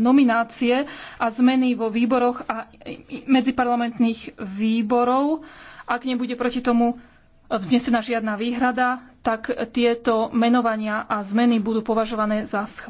nominácie a zmeny vo výboroch a medziparlamentných výborov. Ak nebude proti tomu vznesená žiadna výhrada, tak tieto menovania a zmeny budú považované za schválené.